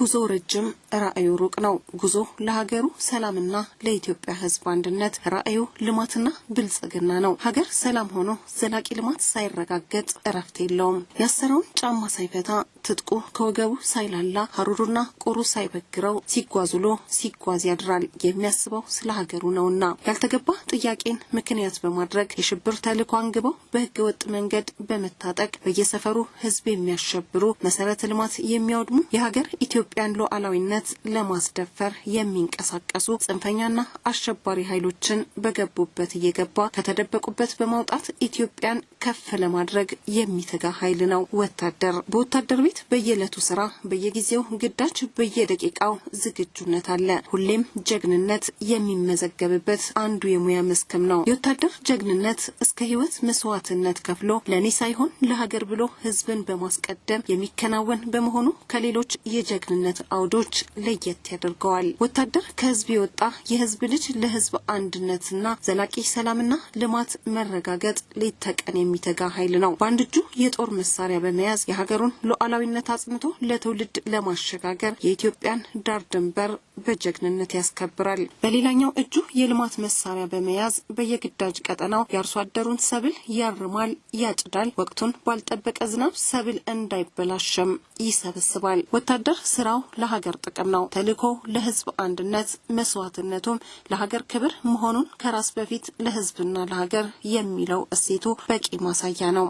ጉዞ ረጅም፣ ራዕዩ ሩቅ ነው። ጉዞ ለሀገሩ ሰላምና ለኢትዮጵያ ሕዝብ አንድነት፣ ራዕዩ ልማትና ብልጽግና ነው። ሀገር ሰላም ሆኖ ዘላቂ ልማት ሳይረጋገጥ እረፍት የለውም። ያሰረውን ጫማ ሳይፈታ ትጥቁ ከወገቡ ሳይላላ ሀሩሩና ቁሩ ሳይበግረው ሲጓዝ ውሎ ሲጓዝ ያድራል። የሚያስበው ስለ ሀገሩ ነውና ያልተገባ ጥያቄን ምክንያት በማድረግ የሽብር ተልዕኮ አንግበው በህገ ወጥ መንገድ በመታጠቅ በየሰፈሩ ሕዝብ የሚያሸብሩ መሰረተ ልማት የሚያወድሙ የሀገር ኢትዮጵያ የኢትዮጵያን ሉዓላዊነት ለማስደፈር የሚንቀሳቀሱ ጽንፈኛና አሸባሪ ኃይሎችን በገቡበት እየገባ ከተደበቁበት በማውጣት ኢትዮጵያን ከፍ ለማድረግ የሚተጋ ኃይል ነው ወታደር። በወታደር ቤት በየዕለቱ ስራ፣ በየጊዜው ግዳጅ፣ በየደቂቃው ዝግጁነት አለ። ሁሌም ጀግንነት የሚመዘገብበት አንዱ የሙያ መስክም ነው። የወታደር ጀግንነት እስከ ህይወት መስዋዕትነት ከፍሎ ለእኔ ሳይሆን ለሀገር ብሎ ህዝብን በማስቀደም የሚከናወን በመሆኑ ከሌሎች የጀግንነት የማንነት አውዶች ለየት ያደርገዋል። ወታደር ከህዝብ የወጣ የህዝብ ልጅ ለህዝብ አንድነትና ዘላቂ ሰላምና ልማት መረጋገጥ ሌት ተቀን የሚተጋ ኃይል ነው። በአንድ እጁ የጦር መሳሪያ በመያዝ የሀገሩን ሉዓላዊነት አጽንቶ ለትውልድ ለማሸጋገር የኢትዮጵያን ዳር ድንበር በጀግንነት ያስከብራል። በሌላኛው እጁ የልማት መሳሪያ በመያዝ በየግዳጅ ቀጠናው የአርሶ አደሩን ሰብል ያርማል፣ ያጭዳል። ወቅቱን ባልጠበቀ ዝናብ ሰብል እንዳይበላሸም ይሰበስባል። ወታደር ስራ ስራው ለሀገር ጥቅም ነው። ተልእኮ ለህዝብ አንድነት፣ መስዋዕትነቱም ለሀገር ክብር መሆኑን ከራስ በፊት ለህዝብና ለሀገር የሚለው እሴቱ በቂ ማሳያ ነው።